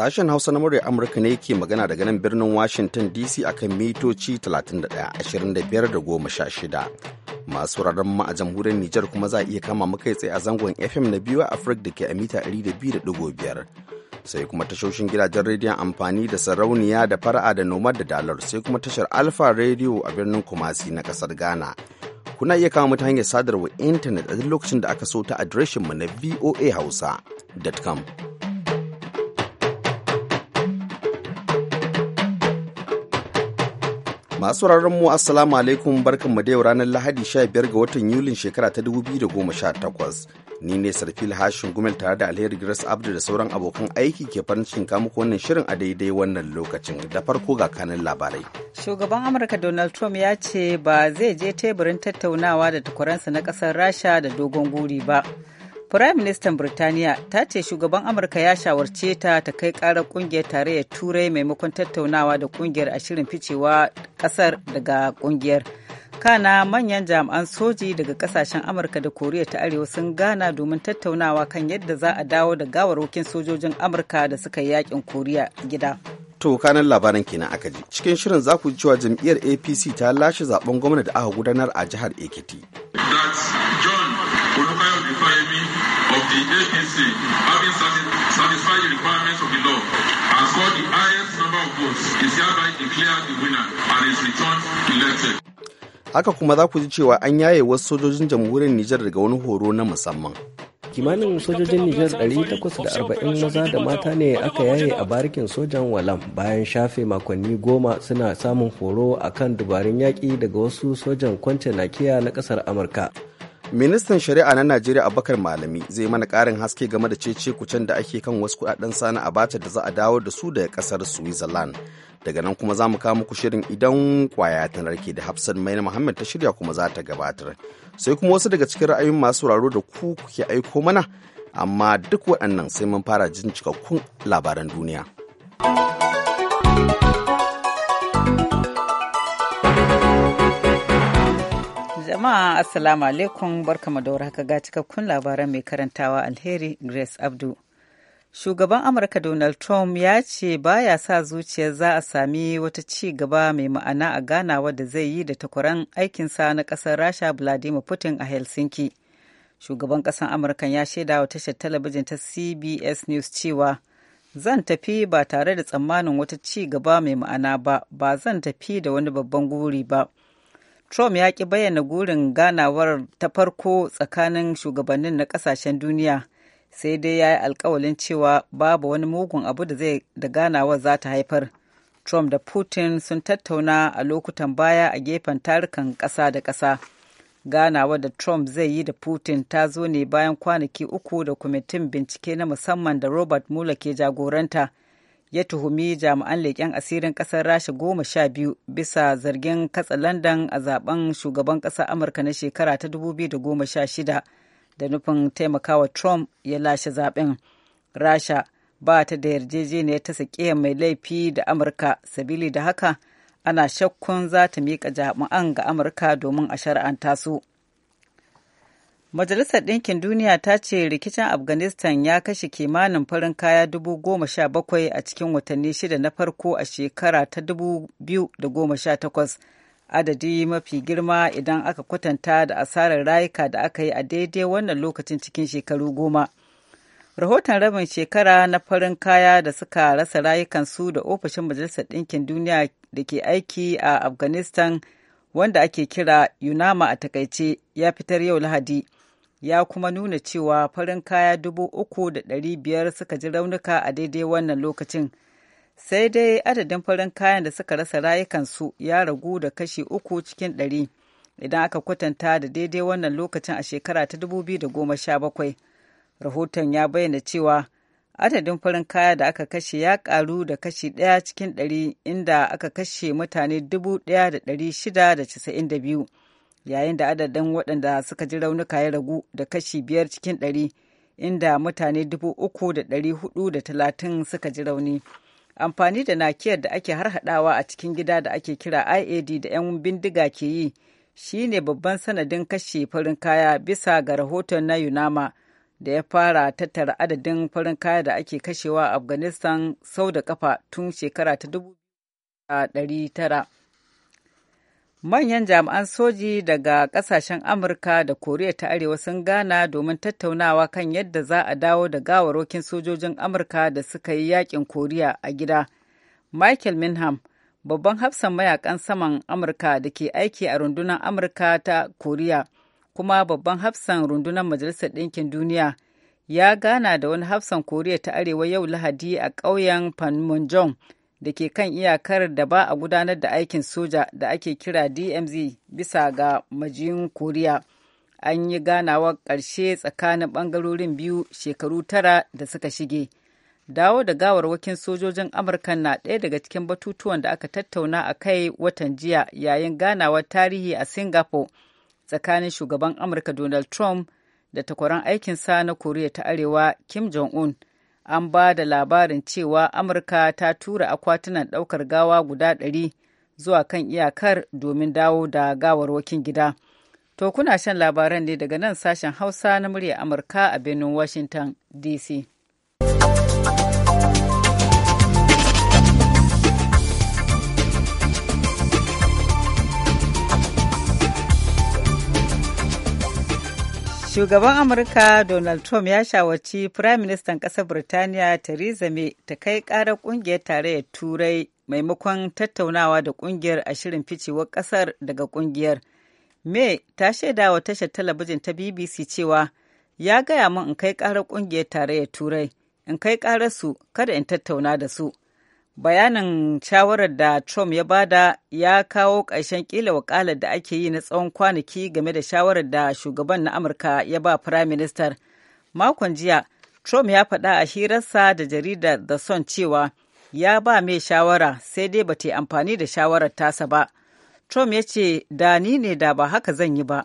Sashen Hausa na murya Amurka ne ke magana daga nan birnin Washington DC akan mitoci 31 25 Masu wuraren ma a jamhuriyar Nijar kuma za a iya kama muka tsaye a zangon FM na biyu a Afirka da ke a mita 200.5. Sai kuma tashoshin gidajen rediyon amfani da sarauniya da fara'a da nomad da dalar sai kuma tashar Alfa rediyo a birnin Kumasi na kasar Ghana. Kuna iya kama mutane hanyar sadarwa intanet a duk lokacin da aka so ta adireshinmu na hausa.com Masu rarren mu Assalamu alaikum mu da yau ranar Lahadi 15 ga watan Yulin shekara ta 2018. Ni ne Sarfil Hashin Gumel tare da Alheri Grace Abdu da sauran abokan aiki ke farin cikin kamu wannan shirin a daidai wannan lokacin da farko ga kanin labarai. Shugaban Amurka Donald Trump ya ce ba zai je teburin tattaunawa da takwaransa na kasar Rasha da dogon guri ba. Firaministan Birtaniya ta ce shugaban Amurka ya shawarce ta ta kai ƙarar ƙungiyar tarayyar Turai maimakon tattaunawa da ƙungiyar a shirin ficewa ƙasar daga ƙungiyar. Kana manyan jami'an soji daga ƙasashen Amurka da Koriya ta Arewa sun gana domin tattaunawa kan yadda za a dawo da gawarwakin sojojin Amurka da suka yi yakin Koriya gida. To kanan labaran kenan aka ji. Cikin shirin za ku ji cewa jam'iyyar APC ta lashe zaben gwamna da aka gudanar a jihar Ekiti. APC, having satisfied the requirements of the law and scored the highest number of votes is hereby declared the winner and is returned elected. Haka kuma za ku ji cewa an yaye wasu sojojin jamhuriyar Nijar daga wani horo na musamman. kimanin sojojin Nijar 840 maza da mata ne aka yaye a barikin sojan walam bayan shafe makonni goma suna samun horo a kan dubarun yaƙi daga wasu sojan kwance nakiya na ƙasar Amurka. ministan shari'a na najeriya abubakar malami zai mana karin haske game da cece kucen da ake kan wasu kudaden sana abacha da za a dawo da su daga kasar switzerland daga nan kuma za mu kawo muku shirin idan kwaya ta narke da hafsan mai na muhammad ta shirya kuma za ta gabatar sai kuma wasu daga cikin ra'ayoyin masu sauraro da ku kuke aiko mana amma duk waɗannan sai mun fara jin cikakkun labaran duniya. jama'a assalamu alaikum barkamu da haka ga cikakkun labaran mai karantawa alheri grace abdu shugaban amurka donald trump ya ce baya sa zuciyar za a sami wata ci gaba mai ma'ana a ganawa da zai yi da takwaran aikinsa na ƙasar rasha vladimir putin a helsinki shugaban ƙasar amurka ya shaida wa tashar talabijin ta cbs news cewa zan tafi ba tare da tsammanin wata ci gaba mai ma'ana ba ba zan tafi da wani babban guri ba Trump ya ki bayyana gurin ganawar ta farko tsakanin shugabannin na ƙasashen duniya sai dai ya yi alkawalin cewa babu wani mugun abu da zai da ganawar za ta haifar. Trump da Putin sun tattauna a lokutan baya a gefen tarukan ƙasa da ƙasa. Ganawar da Trump zai yi da Putin ta zo ne bayan kwanaki uku da kwamitin bincike na musamman da Robert Mueller ke jagoranta ya tuhumi jami'an leƙen asirin ƙasar rasha goma sha biyu bisa zargin katsa london a zaben shugaban ƙasar amurka na shekara ta 2016 da nufin taimakawa trump ya lashe zaben rasha ba ta da yarjejeniyar ta sakiyar mai laifi da amurka sabili da haka ana shakkun za ta miƙa jami'an ga amurka domin a shari'anta su Majalisar Ɗinkin Duniya ta ce rikicin Afghanistan ya kashe kimanin farin kaya dubu goma sha bakwai a cikin watanni shida na farko a shekara ta dubu biyu da goma sha takwas. Adadi mafi girma idan aka kwatanta da asarar rayuka da aka yi a daidai wannan lokacin cikin shekaru goma. Rahoton rabin shekara na farin kaya da suka rasa rayukansu da ofishin Majalisar Ɗinkin Duniya da ke aiki a Afghanistan wanda ake kira Yunama a takaice ya fitar yau Lahadi. ya kuma nuna cewa farin kaya dubu uku da ɗari biyar suka ji raunuka a daidai wannan lokacin sai dai adadin farin kayan da suka rasa rayukansu ya ragu da kashi uku cikin ɗari idan aka kwatanta da daidai wannan lokacin a shekara ta sha 2017 rahoton ya bayyana cewa adadin farin kaya da aka kashe ya karu da kashi ɗaya cikin ɗari inda aka kashe mutane da 1,692 yayin da adadin waɗanda suka ji raunuka ya ragu da kashi biyar cikin ɗari inda mutane dubu uku da ɗari hudu da talatin suka ji rauni amfani da nakiyar da ake harhaɗawa a cikin gida da ake kira iad da 'yan bindiga ke yi shine babban sanadin kashe farin kaya bisa ga rahoton na yunama da ya fara tattara adadin farin kaya da ake kashewa afghanistan sau da kafa tun shekara ta 1900 manyan jami'an soji daga kasashen amurka da koriya ta arewa sun gana domin tattaunawa kan yadda za a dawo da gawarokin sojojin amurka da suka yi yakin koriya a gida michael minham babban hafsan mayakan saman amurka da ke aiki a rundunar amurka ta koriya kuma babban hafsan rundunar majalisar ɗinkin duniya ya gana da wani hafsan koriya ta arewa yau lahadi a ƙauyen panmunjom da ke kan iyakar da ba a gudanar da aikin soja da ake kira DMZ bisa ga majiyin Koriya. An yi ganawa ƙarshe tsakanin ɓangarorin biyu shekaru tara da suka shige. Dawo da gawarwakin sojojin Amurka na ɗaya daga cikin batutuwan da aka tattauna a kai watan jiya yayin ganawar tarihi a Singapore tsakanin shugaban Amurka Donald Trump da takwaran aikinsa na Koriya ta Arewa Kim Jong-un. an ba da labarin cewa amurka ta tura akwatunan daukar gawa guda ɗari zuwa kan iyakar domin dawo da gawarwakin gida to kuna shan labaran ne daga nan sashen hausa na murya amurka a birnin washington dc Shugaban Amurka Donald Trump ya shawarci Firaministan ƙasar Birtaniya Theresa May ta kai ƙarar ƙungiyar tarayyar Turai maimakon tattaunawa da ƙungiyar a shirin ficewar ƙasar daga ƙungiyar. May ta shaida wa tashar talabijin ta BBC cewa ya gaya min in kai ƙarar ƙungiyar tarayyar Turai, in kai ƙararsu, kada in tattauna da su. bayanin shawarar da trump ya bada ya kawo ƙarshen kila wakalar da ake yi na tsawon kwanaki game da shawarar da shugaban na amurka ya ba prime minister makon jiya trump ya faɗa a hirarsa da jaridar the sun cewa ya ba mai shawara sai dai ba ta yi amfani da shawarar tasa ba trump ya ce da ni ne da ba haka zan yi ba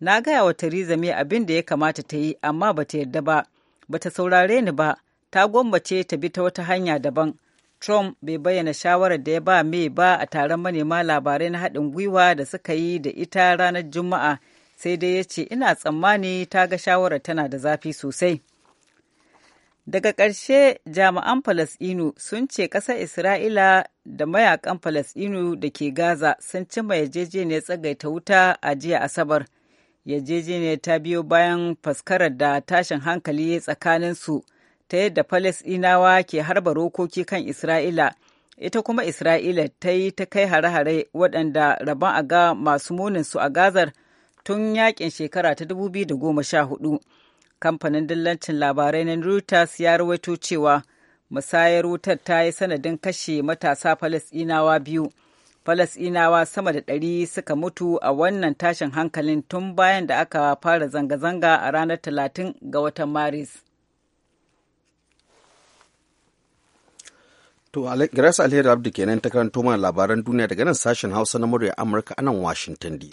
na gaya wa theresa may abin da ya kamata ta yi amma ba ta yarda ba ba ta saurare ni ba ta gwammace ta bi ta wata hanya daban Trump bai bayyana shawarar da ya ba me ba a taron manema labarai na haɗin gwiwa da suka yi da ita ranar Juma'a sai dai ya ce ina tsammani ta ga shawarar tana da zafi sosai. Daga ƙarshe jami'an Falasɗinu sun ce ƙasar Isra'ila da mayakan Falasɗinu da ke Gaza sun cimma yarjejeniyar tsagaita wuta a jiya Asabar. Yarjejeniyar ta biyo bayan faskarar da tashin hankali tsakanin su. ta yadda Falasɗinawa ke harba rokoki kan Isra'ila, ita kuma Isra'ila ta yi ta kai hare-hare waɗanda rabon a ga masu munin su a Gazar tun yakin shekara ta 2014. Kamfanin dillancin labarai na Reuters ya rawaito cewa musayar wutar ta yi sanadin kashe matasa Falasɗinawa biyu. Falasɗinawa sama da ɗari suka mutu a wannan tashin hankalin tun bayan da aka fara zanga-zanga a ranar talatin ga watan Maris. To, Grace Alheri Abdu kenan ta karanto mana labaran duniya daga nan sashen Hausa na murya Amurka a nan Washington D.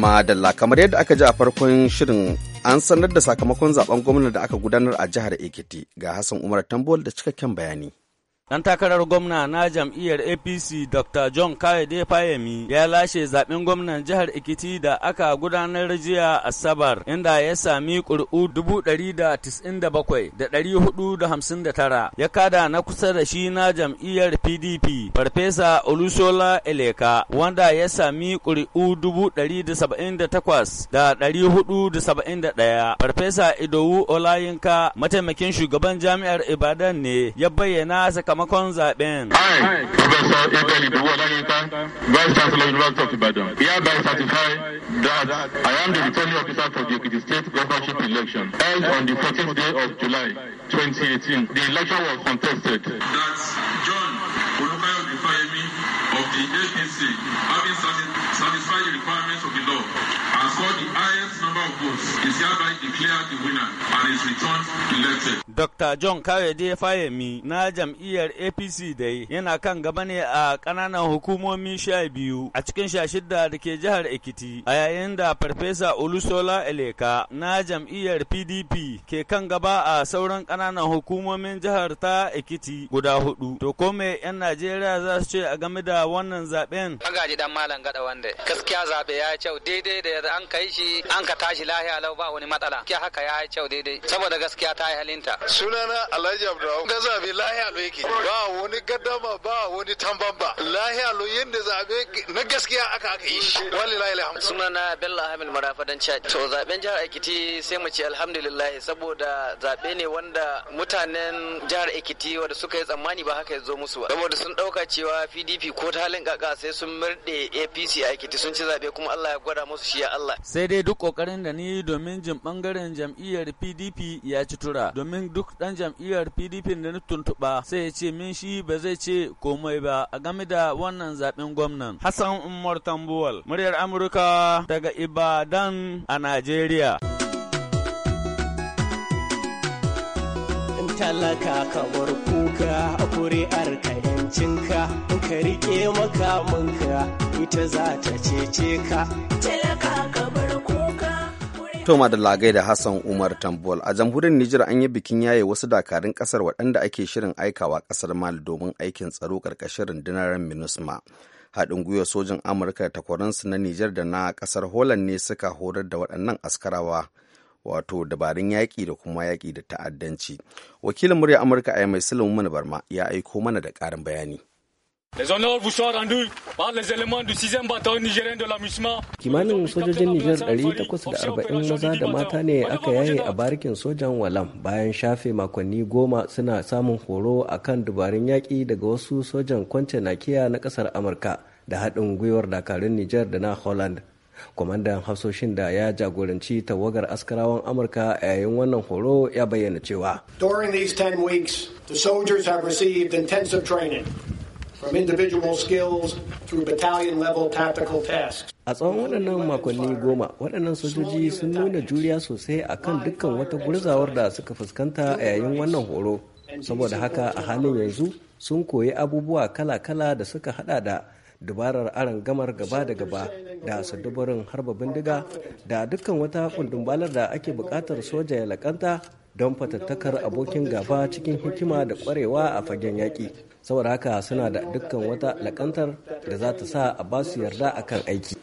Madalla kamar yadda aka ji a farkon shirin an sanar da sakamakon zaben gwamna da aka gudanar a jihar Ekiti ga Hassan Umar Tambol da cikakken bayani. Dan takarar gwamna na jam'iyyar APC Dr. John Kayode Fayemi ya lashe zaɓen gwamnan jihar Ekiti da aka gudanar jiya Asabar inda ya sami ƙuri'u 197,459 ya kada na kusa da shi na jam'iyyar PDP Farfesa Olusola Eleka wanda ya sami ƙuri'u 178,471 Farfesa Idowu Olayinka mataimakin shugaban jami'ar Ibadan ne ya bayyana sakamakon sakamakon zaben. I, Professor Ekeli Duwalayinka, Vice Chancellor of University of Ibadan, hereby certify that I am the returning officer for the Ekiti State governorship election held on the 14th day of July 2018. The election was contested. That's John Olukayode Fayemi of the APC, having satisfied the requirements of the law, and scored the highest number Dr. John Kawede Fayemi na jam'iyyar APC yi yana kan gaba ne a ƙananan hukumomi sha biyu a cikin sha da ke jihar Ekiti a yayin da Farfesa Olusola Eleka na jam'iyyar PDP ke kan gaba a sauran ƙananan hukumomin jihar ta Ekiti guda hudu. To ko 'yan Najeriya za su ce a game da wannan zaben? Magaji dan malam gada wanda gaskiya zaɓe ya kyau daidai da an kai shi an ka tashi shi lahiya lau ba wani matsala ke haka ya kyau daidai saboda gaskiya ta yi halinta sunana alhaji abdullahi gaza bi lahiya lau yake ba wani gaddama ba wani tamban ba lahiya lau yanda zabe na gaskiya aka aka yi shi wallahi alhamdu sunana bello ahmed marafadan chad to zaben jihar ekiti sai mu ce alhamdulillah saboda zabe ne wanda mutanen jihar ekiti wanda suka yi tsammani ba haka ya zo musu ba saboda sun dauka cewa pdp ko ta halin kaka sai sun murde apc a ekiti sun ci zabe kuma allah ya gwada musu shi ya allah sai dai duk kokarin ɗan gani domin jin ɓangaren jam'iyyar PDP ya ci tura. Domin duk ɗan jam'iyyar PDP da na tuntuɓa sai ya ce min shi ba zai ce komai ba a game da wannan zaɓen gwamnan. Hassan Umar Tambuwal, muryar Amurka daga Ibadan a Najeriya. talaka ka bar kuka a kuri'ar ka yancinka in ka rike makamanka ita za ta cece ka talaka ka bar Toma da Lagai da Hassan Umar Tambol a jamhuriyar Nijar an yi bikin yaye wasu dakarun kasar waɗanda ake shirin aikawa kasar Mali domin aikin tsaro ƙarƙashin rundunar MINUSMA. Haɗin gwiwar sojin Amurka da takwarinsu na Nijar da na kasar Holland ne suka horar da waɗannan askarawa wato dabarun yaƙi da kuma yaƙi da ta'addanci. Wakilin murya Amurka a mai Sulaiman Barma ya aiko mana da ƙarin bayani. Les honneurs vous sont rendus par les éléments du 6e bataillon nigérien de Kimanin sojojin Niger 840 maza da mata ne aka yaye a barikin sojan Walam bayan shafe makonni goma suna samun horo akan kan dubarun yaƙi daga wasu sojan kwance nakiya na ƙasar Amurka da haɗin gwiwar dakarun niger da na Holland. Kwamandan hafsoshin da ya jagoranci tawagar askarawan Amurka a yayin wannan horo ya bayyana cewa. During these 10 weeks, the soldiers have received intensive training from individual skills through battalion level tactical tasks. A tsawon waɗannan makonni goma, waɗannan sojoji sun nuna juriya sosai a kan dukkan wata gurzawar da suka fuskanta a yayin wannan horo. Saboda haka a halin yanzu sun koyi abubuwa kala-kala da suka hada da dubarar aron gamar gaba da gaba da sadubarin harba bindiga da dukkan wata kundumbalar da ake bukatar soja ya lakanta don fatattakar abokin gaba cikin hikima da kwarewa a fagen yaƙi saboda haka suna da dukkan wata lakantar da za ta sa a basu yarda a kan aiki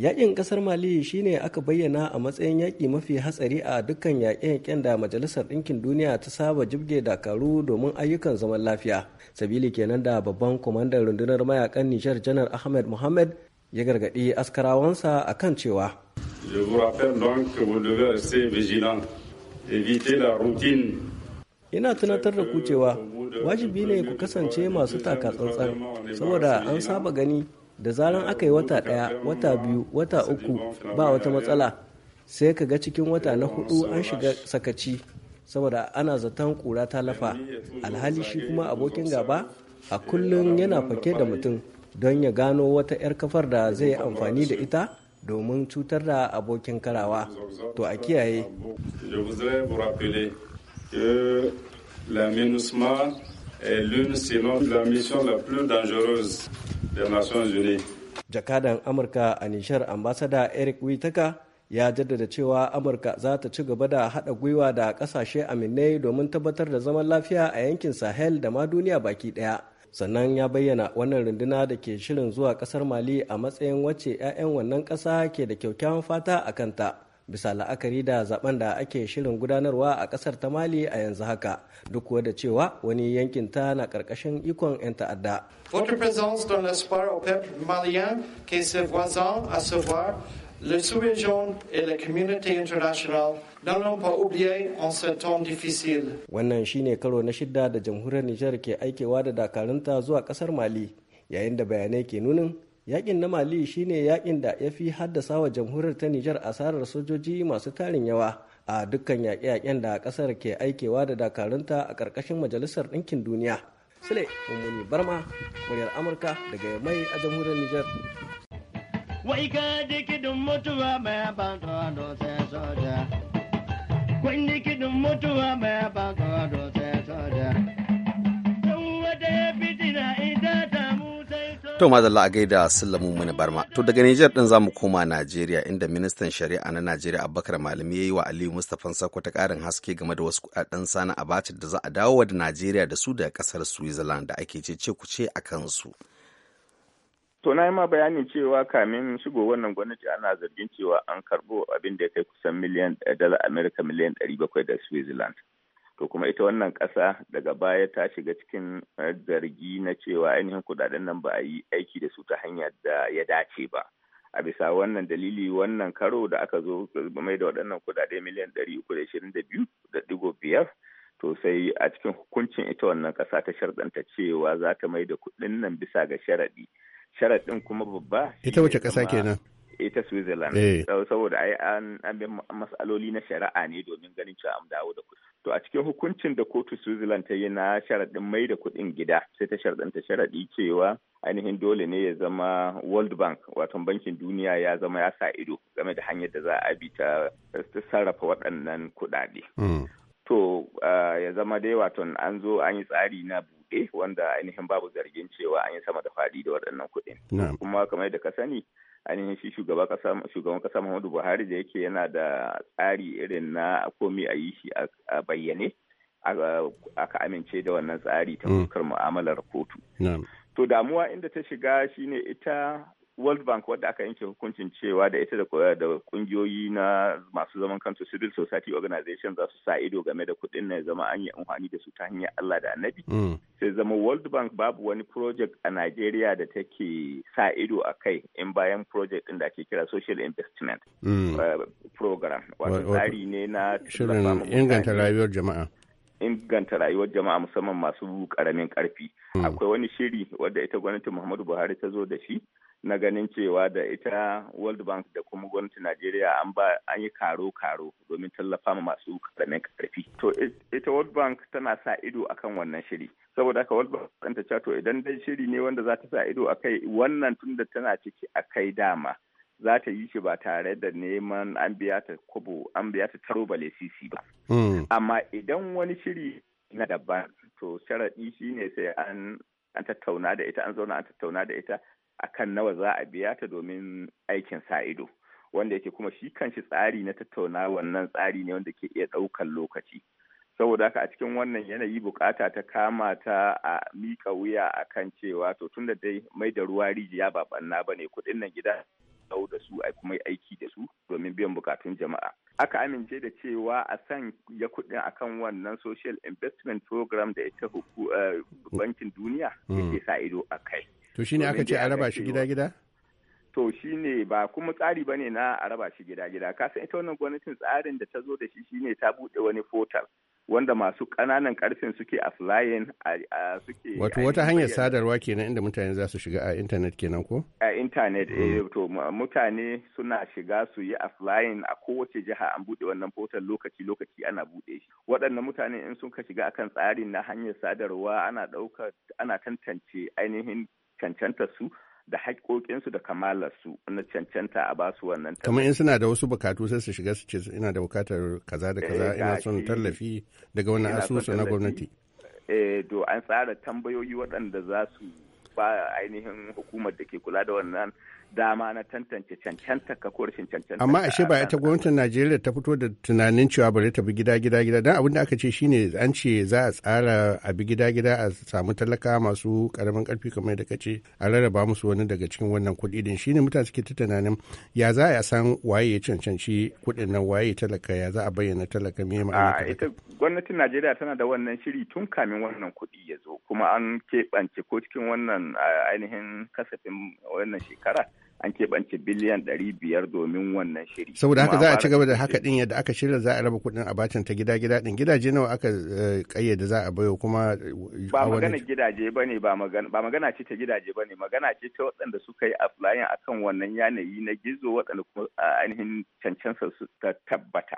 yaƙin ƙasar mali shine aka bayyana a matsayin yaƙi mafi hatsari a dukkan yaƙe-yaƙen da majalisar ɗinkin duniya ta saba jibge dakaru domin ayyukan zaman lafiya sabili kenan da babban kwamandan rundunar mayakan nijar janar ahmed mohamed ya gargaɗi askarawansa a kan cewa Ina tunatar da ku cewa wajibi ne ku kasance masu taka tsantsan saboda an saba gani da zaran aka yi wata ɗaya, wata biyu, wata uku ba wata matsala sai ka ga cikin wata na hudu an shiga sakaci saboda ana zaton kura ta lafa alhali shi kuma abokin gaba a kullum yana fake da mutum don ya gano wata 'yar kafar da zai amfani da ita domin cutar da abokin karawa to a kiyaye jakadan amurka a nishar ambasada eric witaka ya jaddada cewa amurka za ta ci gaba da haɗa gwiwa da ƙasashe aminai domin tabbatar da zaman lafiya a yankin sahel da ma duniya baki ɗaya sannan ya bayyana wannan runduna da ke shirin zuwa kasar mali a matsayin wacce 'ya'yan wannan ƙasa ke da kyaukyawan fata a kanta bisa la'akari da zaben da ake shirin gudanarwa a kasar ta mali a yanzu haka duk kuwa da cewa wani yankin ta na karkashin ikon 'yan ta'adda votre présence dans l'espoir au peuple malien qui se voisin à se Le Souvention et la communauté internationale n'allons pas oublier en ce difficile. Wannan shine karo na shidda da jamhuriyar Nijar ke aikewa da dakarunta zuwa kasar Mali, yayin da bayanai ke nunin yakin na Mali shi ne yakin da ya fi haddasa wa jamhuriyar ta Nijar asarar sojoji masu tarin yawa a dukkan yaƙe-yaƙen da ƙasar ke aikewa da dakarunta a ƙarƙashin Majalisar Ɗinkin Duniya. Sule Mummuni Barma, muryar Amurka daga Yamai a jamhuriyar Nijar. wai ka dikidin mutuwa mai soja dikidin mutuwa mai soja wata a gaida sallamu mini barma. To daga Nijar din zamu koma Najeriya inda ministan shari'a na Najeriya Abubakar Malami ya yi wa Aliyu Mustapha Sako ta karin haske game da wasu kudaden sana abaci da za a dawo da Najeriya da su daga ƙasar Switzerland da ake ce ce ku ce a kansu. To na yi ma bayanin cewa kamin shigo wannan gwamnati ana zargin cewa an karbo abin da ya kai kusan miliyan dala Amerika miliyan ɗari da Switzerland. To kuma ita wannan ƙasa daga baya ta shiga cikin eh, zargi na cewa ainihin kudaden nan ba a yi aiki da su ta hanyar da ya dace ba. a bisa wannan dalili wannan karo da aka zo mai da waɗannan kudade miliyan ɗari biyar to sai a cikin hukuncin ita wannan ƙasa ta sharɗanta cewa za ta mai da kuɗin nan bisa ga sharaɗi sharaɗin kuma babba ita wace ƙasa kenan ita switzerland eh. saboda ai an bi masaloli na shari'a ne domin ganin cewa an dawo da kuɗi to a cikin hukuncin da kotu switzerland ta yi na sharaɗin mai da kuɗin gida sai ta sharaɗanta sharaɗi cewa ainihin dole ne ya zama world bank wato bankin duniya ya zama ya sa ido game da hanyar da za a bi ta sarrafa waɗannan kuɗaɗe hmm. Uh, ya zama dai wato an zo an yi tsari na buɗe wanda ainihin babu zargin cewa an yi sama da faɗi da waɗannan kuɗin. Kuma kamar da ka sani ainihin shi shugaban ƙasa Muhammadu Buhari da yake yana da tsari irin na komi a yi shi a bayyane aka amince da wannan tsari ta mm. fuskar mu'amalar kotu. To damuwa inda ta shiga shine ita World Bank wadda aka yanke hukuncin cewa da ita da kungiyoyi na masu zaman kansu civil society organization za su sa ido game da kuɗin na zama an yi amfani da su ta hanyar Allah da annabi. Mm. Sai zama World Bank babu wani project a Najeriya da take sa ido a kai in bayan project ɗin da ake kira social investment mm. eh, program. Wato tsari ne na shirin inganta rayuwar jama'a. inganta rayuwar jama'a musamman masu karamin karfi mm. akwai wani shiri wadda ita gwamnati muhammadu buhari ta zo da shi na ganin cewa da ita World Bank da kuma gwamnatin Najeriya an ba an yi karo-karo domin tallafa ma masu karamin karfi. To ita World Bank tana sa ido akan wannan shiri. Saboda haka World Bank ta ta to idan dai shiri ne wanda za ta sa ido akai wannan tunda tana ciki akai dama. za ta yi shi ba tare da neman an biya ta kobo an biya ta taro ba sisi hmm. ba. Amma idan wani shiri na daban to sharaɗi shine sai sai an tattauna da ita an zauna an tattauna da ita akan nawa za a biya ta domin aikin sa ido wanda yake kuma shi kanshi tsari na tattauna wannan tsari ne wanda ke iya ɗaukan lokaci saboda haka a cikin wannan yanayi bukata ta kama ta a mika wuya a kan cewa to tun da dai mai da ruwa rijiya ba banna ba ne kuɗin nan gida dau da su ai kuma aiki da su domin biyan bukatun jama'a aka amince da cewa a san ya kuɗin akan wannan social investment program da ita eh, bankin duniya hmm. yake sa ido a kai to shine aka ce a raba shi gida-gida to shine ba kuma tsari bane na a raba shi gida-gida Kasan ita wannan gwamnatin tsarin da ta zo da shi shine ta buɗe wani portal wanda masu ƙananan ƙarfin suke a suke wato wata hanyar sadarwa kenan inda mutane za su shiga a intanet kenan ko a intanet mm. eh to mutane suna shiga su yi flying a kowace jiha an buɗe wannan portal lokaci lokaci ana buɗe shi waɗannan mutane in sun ka shiga akan tsarin na hanyar sadarwa ana ɗaukar ana tantance ainihin cancanta su da haƙoƙinsu da kamalarsu na cancanta a basu wannan kamar in suna da wasu bukatu sai su shiga su ce ina da bukatar kaza da kaza eh, ina son tallafi daga wani asusu na gwamnati eh an tsara tambayoyi waɗanda za su ba ainihin hukumar da ke kula da wannan dama na tantance cancanta ka ko rashin cancanta. Amma ashe ba ita gwamnatin Najeriya ta fito da tunanin cewa bari ta bi gida gida gida dan abin da aka ce shine an ce za a tsara a bi gida gida a samu talaka masu karamin karfi kamar da kace a rarraba musu wani daga cikin wannan kuɗi din shine mutane suke ta tunanin ya za a san waye ya cancanci kuɗin nan waye ya talaka ya za a bayyana talaka me ma'ana. A ita gwamnatin Najeriya tana da wannan shiri tun kamin wannan kuɗi ya zo kuma an keɓance ko cikin wannan ainihin kasafin wannan shekara. an keɓance biliyan ɗari biyar domin wannan shiri. Saboda haka za a ci gaba da haka ɗin yadda aka shirya za a raba kuɗin abacin ta gida gida ɗin gidaje nawa aka eh, ƙayyade za a bayo kuma. Eh, ba magana gidaje ba ne ba magana ce ta gidaje ba magana ce ta waɗanda suka yi aflayin akan wannan yanayi na gizo waɗanda kuma eh, ainihin cancansa su ta tabbata.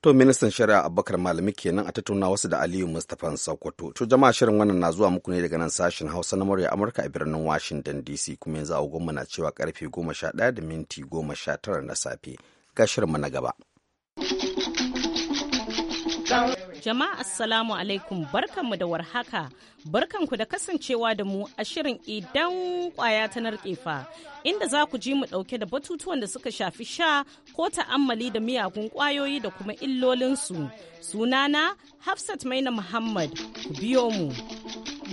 To ministan shari'a Abubakar Malami kenan a tattauna wasu da Aliyu Mustapha Sokoto. To jama'a shirin wannan na zuwa muku ne daga nan sashen Hausa na murya Amurka a birnin Washington DC kuma yanzu agogon na cewa karfe 11 da minti 19 na safe. Ga shirin na gaba. Jama'a Assalamu alaikum barkanmu da warhaka, barkanku da kasancewa da mu a shirin idan kwaya ta narkefa inda za ku ji mu ɗauke da batutuwan da suka shafi sha ko ta'ammali da miyagun kwayoyi da kuma illolinsu. Sunana Hafsat Maina Muhammad, ku biyo mu.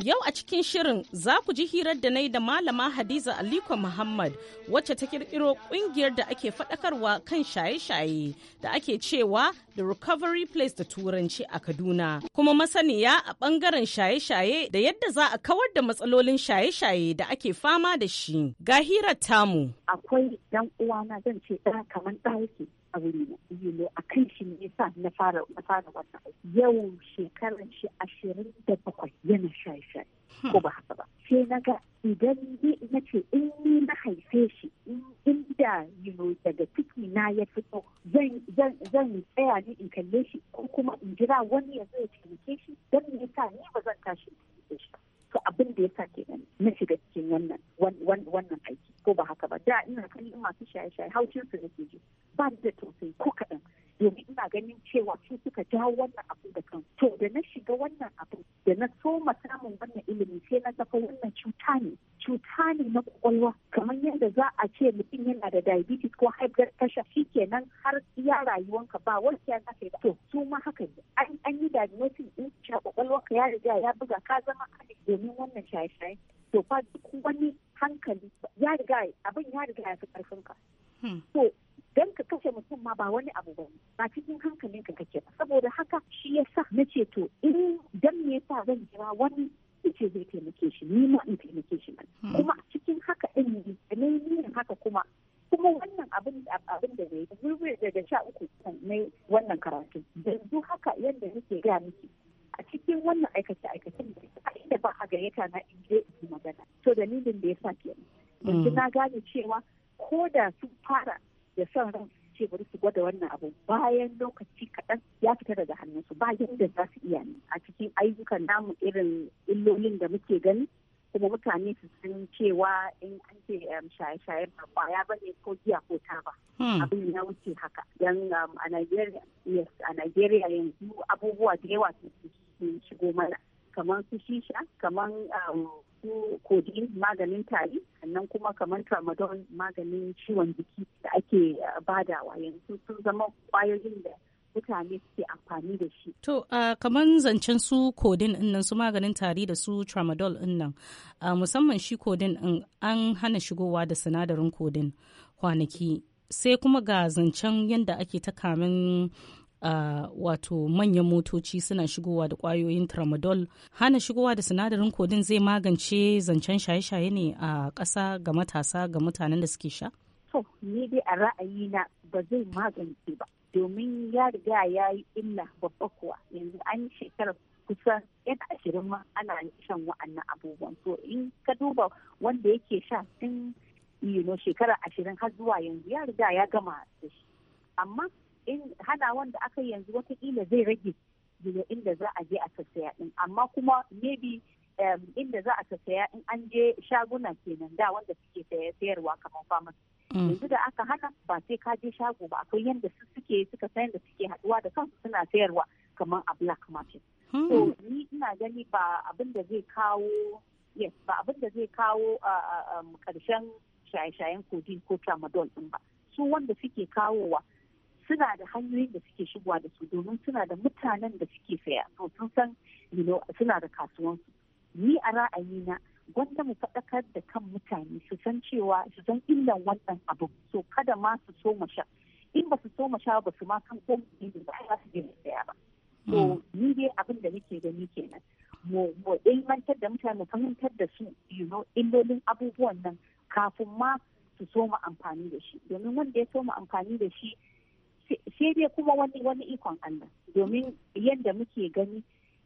Yau a cikin shirin za ku ji hirar da na yi da malama Hadiza Aliko Muhammad wacce ta kirkiro kungiyar da ake fadakarwa kan shaye-shaye da ake cewa da Recovery Place da Turanci a Kaduna. Kuma masaniya a ɓangaren shaye-shaye da yadda za a kawar da matsalolin shaye-shaye da ake fama da shi. Ga hirar tamu. Akwai dan uwana zan ce ɗaya kamar ɗaya aure na yelo a kan shi ne yasa na fara na fara wannan yau shekaran shi ashirin da bakwai yana shaye shaye hmm. ko ba haka ba sai na ga idan ni na ce in ni na haife shi inda daga ciki na ya fito zan tsaya ni in kalle shi ko kuma in jira wani ya zo ya taimake shi don me yasa ni ba zan tashi in shi to abin da ya sa kenan na shiga cikin wannan wannan aiki ko ba haka ba da ina kallon masu shaye-shaye haucin su nake ji ba da tausayi ko kaɗan domin ina ganin cewa su suka jawo wannan abu da kan to da na shiga wannan abu da na soma samun wannan ilimi sai na tafi wannan cuta ne cuta ne na kwakwalwa kamar yadda za a ce mutum yana da diabetes ko high blood pressure kenan har ya rayuwanka ba warkiya za ka yi to su ma haka ne an yi diagnosis din cewa ka ya riga ya buga ka zama addict domin wannan shaye-shaye to fa duk wani hankali ya riga abin ya riga ya fi karfin ka hmm. to amma ba wani abu ba ba cikin hankalin ka kake ba saboda haka shi ya sa na ce to in dan me yasa zan jira wani ce zai taimake shi ni ma in taimake shi hmm. kuma a cikin haka din ne ne haka kuma kuma wannan abin abin da zai da daga sha uku mai wannan karatu yanzu haka yadda nake ga miki a cikin wannan aikace aikace da inda ba a gayyata na in je in magana to dalilin da ya sa ke yanzu hmm. na gane cewa ko da sun fara da son ransu ce bari su gwada wannan abu bayan lokaci kaɗan ya fita daga hannunsu ba yadda za su iya ne a cikin ayyukan namu irin illolin da muke gani kuma mutane su san cewa in an ce um, shaye-shayen ba kwaya ba ne ko giya ko taba hmm. abin ya wuce haka don um, a Najeriya yanzu abubuwa da yawa sun shigo mana kamar su shisha kamar um, su codeine maganin tari sannan kuma kamar tramadol maganin ciwon jiki da ake uh, badawa yanzu sun zama kwayoyin da mutane suke amfani da shi. To, uh, kamar zancen su kodin nan su maganin tari da su tramadol nan uh, musamman shi kodin in an hana shigowa da sinadarin kodin kwanaki. Sai kuma ga zancen yadda ake ta kamin Uh, wato manyan motoci suna shigowa da kwayoyin tramadol hana shigowa da sinadarin kodin zai magance zancen shaye-shaye ne a uh, ƙasa ga matasa ga mutanen da suke sha? To, ni dai a ra'ayina ba zai magance ba domin ya riga ya yi illa babba kuwa yanzu an yi shekarar kusan yan ashirin ma ana shan wa'annan abubuwan to in ka duba wanda yake sha tun yi shekara ashirin har zuwa yanzu ya riga ya gama da shi amma in hana wanda aka yanzu watakila zai rage daga inda za a je a sassaya din amma kuma maybe um, inda za a sassaya in an je shaguna kenan da wanda suke sayarwa kamar famas mm. yanzu da aka hana ba sai ka je shago ba akwai yanda su suke suka san da suke haduwa da kansu suna sayarwa kamar a black market hmm. so ni ina gani ba abin da zai kawo yes ba abin da zai kawo karshen um, shaye-shayen codeine ko tramadol din ba su wanda suke kawowa suna da hanyoyin da suke shigowa da su domin suna da mutanen da suke saya to sun san suna da kasuwansu ni a ra'ayina gwanda mu faɗakar da kan mutane su san cewa su san illan wannan abu so kada ma su so sha in ba su so sha ba su ma kan ko ba za su je mu saya ba to mm. ni dai abin da nake gani kenan mu mu ilmantar da mutane mu fahimtar da su you illolin abubuwan nan kafin ma su so amfani da shi domin wanda ya so amfani da shi sai dai kuma wani wani ikon Allah domin yadda muke gani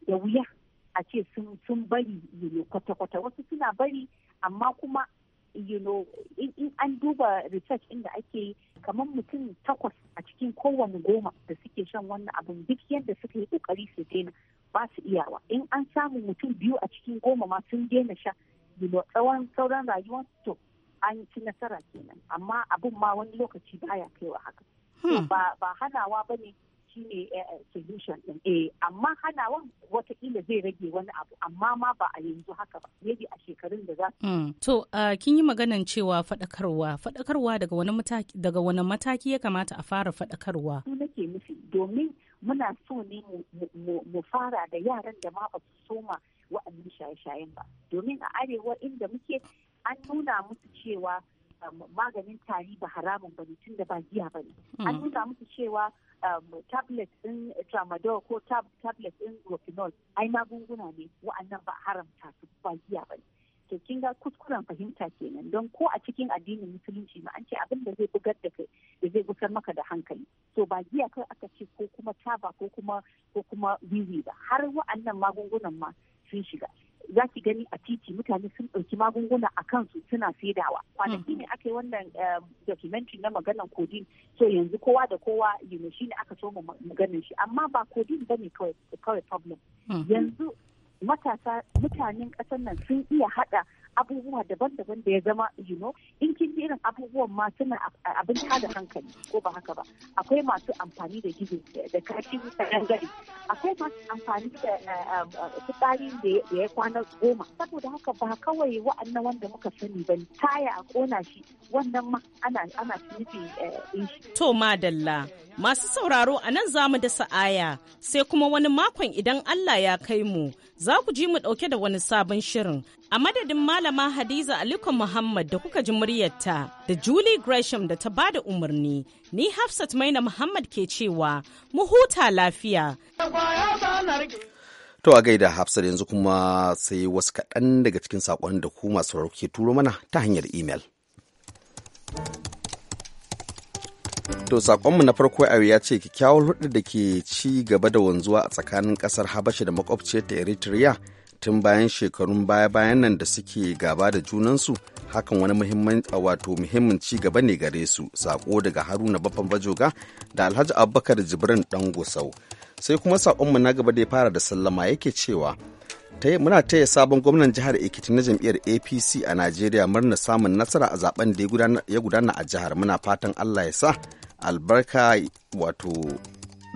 da wuya a ce sun bari yino kwata-kwata wasu suna bari amma kuma you know in an duba research inda ake yi kamar mutum takwas a cikin kowane goma da suke shan wannan abin duk yadda suka yi kokari su daina ba su iyawa in an samu mutum biyu a cikin goma ma sun daina sha you tsawon sauran rayuwar to an ci nasara kenan amma abin ma wani lokaci baya kaiwa haka Hmm. ba hanawa ba ne shi ne eh, eh, solution din eh amma hanawa wataƙila zai rage wani abu amma ma ba a yanzu haka ba maybe a shekarun da za su hmm. to uh, kin yi maganan cewa faɗakarwa faɗakarwa daga wani mataki daga wani mataki ya kamata a fara faɗakarwa su nake nufi domin muna so ne mu fara da yaran da ma ba su soma wa'annan shaye-shayen ba domin a arewa inda muke an nuna musu cewa Um, maganin tari ba haramun bane tun da ba giya bane hmm. an nuna musu cewa um, tablet ɗin tramadol ko tablet ɗin rofinol ai magunguna ne wa'annan ba haramta su ba giya bane to kin ga kuskuren fahimta kenan don ko a cikin addinin musulunci ma an ce abin da zai bugar da kai da zai gusar maka da hankali to ba giya kai aka ce ko kuma taba ko kuma ko kuma wiwi ba har wa'annan magungunan ma sun shiga za ki gani a titi mutane sun ɗauki magunguna a kansu suna saidawa kwanaki ne aka yi wannan eh, documentary na maganan kodin? so yanzu kowa da kowa yino shi ne aka so mu maganin shi amma ba kodin ba ne kawai problem hmm. yanzu matasa mutanen ƙasar nan sun iya haɗa abubuwa daban-daban da ya zama you in kin ji irin abubuwan ma suna abin da hankali ko ba haka ba akwai masu amfani da gizo da kashi kayan gari akwai masu amfani da fitsari eh, eh, eh, da ya kwana goma saboda haka ba kawai wa'annan wanda muka sani ba taya a kona shi wannan ma ana ana nufi din shi to madalla masu sauraro a nan zamu da sa'aya sai kuma wani makon idan Allah ya kai mu za ku ji mu ɗauke da wani sabon shirin. A madadin Malama Hadiza Aliko Muhammad da kuka ji muryarta da Julie Gresham da ta bada umarni, ni Hafsat Maina Muhammad ke cewa mu huta lafiya. To a gaida Hafsat yanzu kuma sai wasu kaɗan daga cikin saƙon da ku masu ke turo mana ta hanyar imel. To sakonmu na farko a ya ce kyakkyawar hudu da ke ci gaba da wanzuwa a tsakanin ƙasar Habasha da makwabciyar ta Eritrea tun bayan shekarun baya-bayan nan da suke gaba da junansu hakan wani muhimman wato muhimmin ci gaba ne gare su sako daga Haruna Baffan Bajoga da Alhaji Abubakar Jibrin Dangosau. Sai kuma sakonmu na gaba da ya fara da sallama yake cewa muna taya sabon gwamnan jihar Ekiti na jam'iyyar APC a Najeriya murna samun nasara a zaben da ya gudana a jihar muna fatan Allah ya sa albarka wato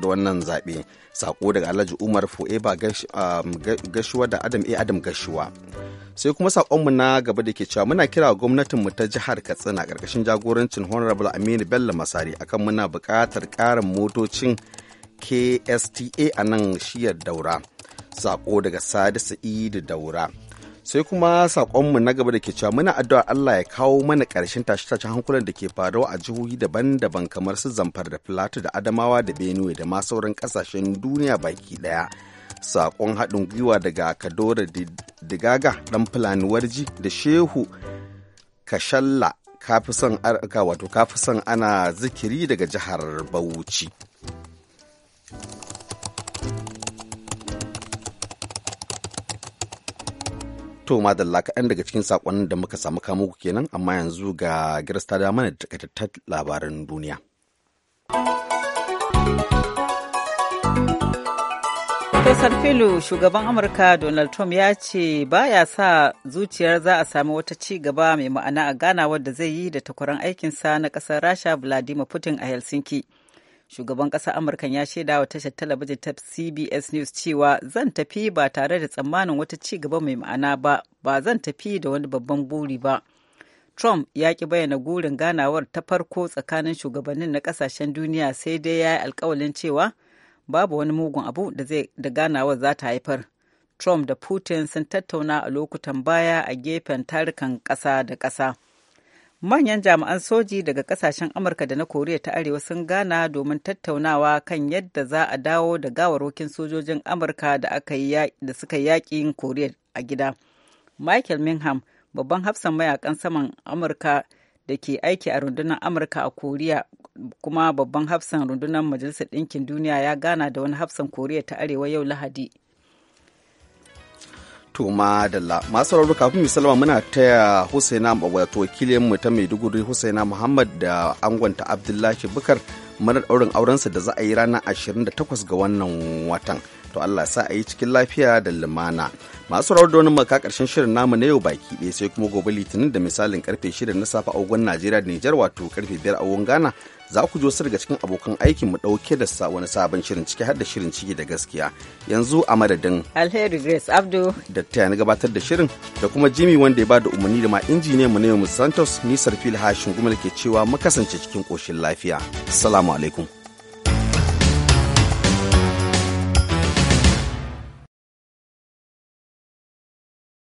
da wannan zaɓe sako daga alhaji umar fo'eba um, gashuwa da adam a eh, adam gashuwa sai kuma saƙonmu na gaba da ke cewa muna kira gwamnatinmu ta jihar katsina ƙarƙashin jagorancin honorable aminu bello masari akan muna buƙatar ƙarin motocin ksta a nan shiyar daura saƙo daga sadi idi daura sai kuma saƙonmu na gaba da ke cewa muna addu'a Allah ya kawo mana ƙarshen tashi tashen hankulan da ke faruwa a jihohi daban-daban kamar su Zamfar da Filato da Adamawa da Benue da ma sauran ƙasashen duniya baki ɗaya. Saƙon haɗin gwiwa daga Kadora Digaga ɗan Fulani Warji da Shehu Kashalla kafi son wato kafi son ana zikiri daga jihar Bauchi. To madalla kaɗan daga cikin saƙonnin da muka samu kamo ku kenan amma yanzu ga girasta da mana da takaitattun labaran duniya. Profesor filo shugaban Amurka Donald Trump ya ce ba ya sa zuciyar za a sami wata ci gaba mai ma'ana a ganawar wadda zai yi da takwaran aikinsa na ƙasar Rasha Vladimir Putin a Helsinki. shugaban ƙasa amurka ya shaida wa tashar talabijin ta cbs news cewa zan tafi ba tare da tsammanin wata ci gaba mai ma'ana ba ba zan tafi da wani babban buri ba trump ya ki bayyana gurin ganawar ta farko tsakanin shugabannin na ƙasashen duniya sai dai ya yi alkawalin cewa babu wani mugun abu da ganawar za ta haifar trump da putin sun tattauna a lokutan baya a gefen tarukan ƙasa da ƙasa. manyan jami'an soji daga kasashen amurka da na koriya ta arewa sun gana domin tattaunawa kan yadda za a dawo da gawarokin sojojin amurka da suka yi yakin koriya a gida michael minham babban hafsan mayakan saman amurka da ke aiki a rundunar amurka a koriya kuma babban hafsan rundunar majalisar ɗinkin duniya ya gana da wani hafsan koriya ta arewa yau lahadi to madalla masu rauru kafin mu muna taya husaina wato wakilin mu ta maiduguri husaina muhammad da angonta abdullahi bukar mana daurin aurensa da za a yi ranar 28 ga wannan watan to allah sa a yi cikin lafiya da lumana masu rawar da wani maka karshen shirin namu na yau baki ɗaya sai kuma gobe litinin da misalin karfe 6 na safa a ugun najeriya da nijar wato karfe biyar a ugun za ku ji wasu daga cikin abokan aikin mu ɗauke da sa wani sabon shirin ciki har da shirin ciki da gaskiya yanzu a madadin alheri grace abdu da ta yana gabatar da shirin da kuma jimmy wanda ya bada umarni da ma injiniyan mu ne santos ni fil hashin gumal ke cewa mu kasance cikin koshin lafiya salamu alaikum